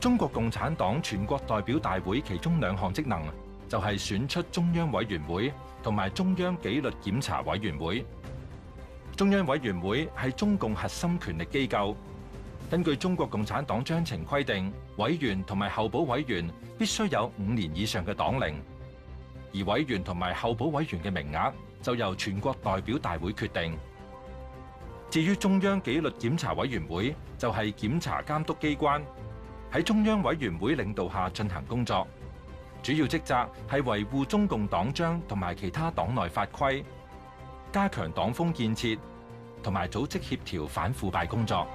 中國共產黨全國代表大會其中兩項職能就係選出中央委員會同埋中央紀律檢查委員會。中央委員會係中共核心權力機構。根據中國共產黨章程規定，委員同埋候補委員必須有五年以上嘅黨齡。而委員同埋候補委員嘅名額就由全國代表大會決定。至於中央紀律檢查委員會就係檢查監督機關。喺中央委員會領導下進行工作，主要職責係維護中共黨章同埋其他黨內法規，加強黨風建設同埋組織協調反腐敗工作。